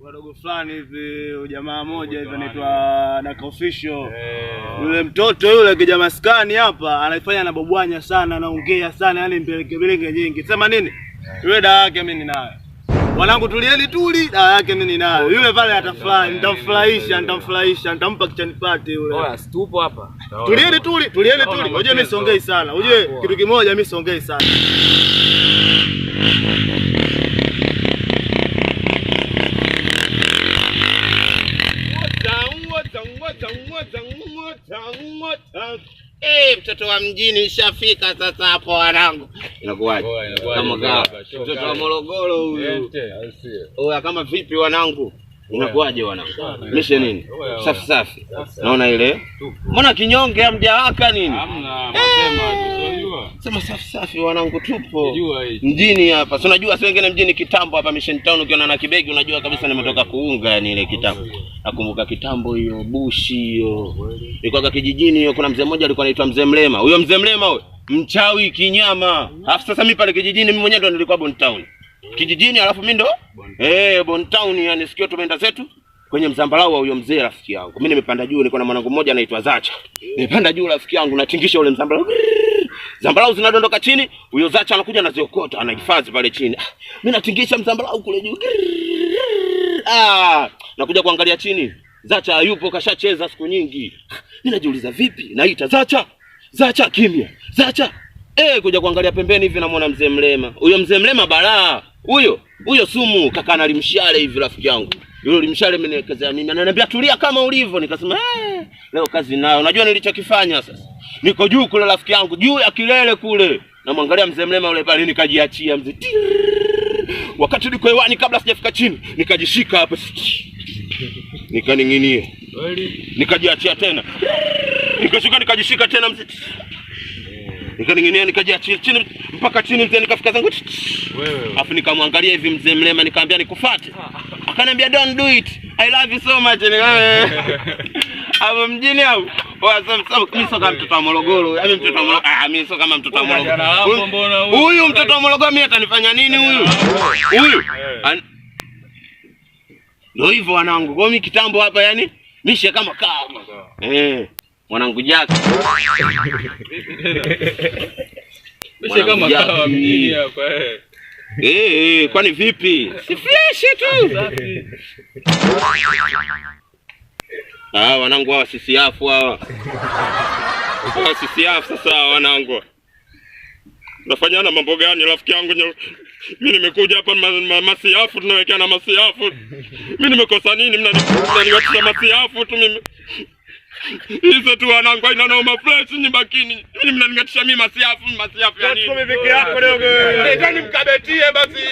wadogo fulani hivi ujamaa moja hivi anaitwa Daka Official. Eh. Yule mtoto yule kijana maskani hapa anaifanya na bobwanya sana, anaongea sana, yani mbeleke beleke nyingi. Sema nini? Eh. Yule dawa yake mimi ninayo. Wanangu tulieni tuli, dawa yake mimi ninayo. Oh, yule pale atafurahi, nitamfurahisha, nitamfurahisha, nitampa kichani pate yule. Bora situpo hapa. Tulieni tuli, tulieni tuli. Unajua mimi siongei sana. Unajua ah, kitu kimoja mimi siongei sana. Eh, mtoto wa mjini ishafika sasa hapo wanangu. Inakuwaje? Kama kawa. Mtoto wa Morogoro huyu. Oya kama vipi wanangu? Inakuwaje wanangu? Mishe nini? Safi safi. Naona ile. Mbona kinyonge hamjawaka nini? Hamna, mapema. Sema safi safi, wanangu, tupo Unajua hii. mjini hapa, si unajua, si wengine mjini kitambo hapa Mission Town, ukiona na kibegi unajua kabisa nimetoka kuunga. Yani ile kitambo, nakumbuka kitambo hiyo bushi hiyo ilikuwa kwa kijijini hiyo. Kuna mzee mmoja alikuwa anaitwa mzee Mlema. Huyo mzee Mlema huyo mchawi kinyama. Alafu sasa mimi pale kijijini, mimi mwenyewe ndo nilikuwa Bon Town kijijini, alafu mimi ndo eh Bon Town. Yani sikio tumeenda zetu kwenye mzambarau wa huyo mzee rafiki yangu. Mimi nimepanda juu, niko na mwanangu mmoja anaitwa Zacha. Nimepanda juu rafiki yangu, natingisha ule mzambarau Zambarau zinadondoka chini, huyo Zacha anakuja anaziokota, anahifadhi pale chini. mimi natingisha mzambarau kule juu. Ah, nakuja kuangalia chini. Zacha hayupo, kashacheza siku nyingi. Mimi najiuliza vipi? Naita Zacha. Zacha kimya. Zacha. Eh, kuja kuangalia pembeni hivi namuona mzee mlema. Huyo mzee mlema balaa. Huyo, huyo sumu kaka analimshale hivi rafiki yangu. Yule limshale mimi nikaza mimi. Ananiambia tulia kama ulivyo. Nikasema, "Eh, leo kazi nayo." Unajua nilichokifanya sasa? niko juu kule, rafiki yangu juu ya kilele kule, namwangalia mzee mlema yule pale, nikajiachia mzee. Wakati niko hewani, kabla sijafika chini, nikajishika hapo, nikaning'inia, nikajiachia tena, nikashuka, nikajishika tena mzee, eh. nikaning'inia, nikajiachia chini mpaka chini mzee, nikafika zangu. wewe, Afu nikamwangalia hivi mzee mlema, nikamwambia nikufuate, akaniambia don't do it, I love you so much. Hapo mjini au mimi sio kama mtoto wa Morogoro. Yaani ah, huyu mtoto wa Morogoro mimi atanifanya nini huyu? Huyu. Ndio hivyo wanangu. Kwa mimi kitambo hapa yani mishe kama kama. Oh eh. Mwanangu Jack. Mishe kama kama mimi hapa eh? eh. Eh, kwani vipi? Si fresh tu. Ah, wanangu hawa sisi sisiafu hawa. Hawa sisi sisiafu sasa wanangu. Unafanya na mambo gani rafiki yangu? Mimi nimekuja hapa ma, ma, masiafu tunawekea na masiafu. Mimi nimekosa nini? masi masiafu tu mimi. Hizo tu wanangu haina noma fresh ni bakini. Mimi mnaningatisha mimi masi masiafu masiafu ya nini? Tukume peke yako leo Ndio nimkabetie basi.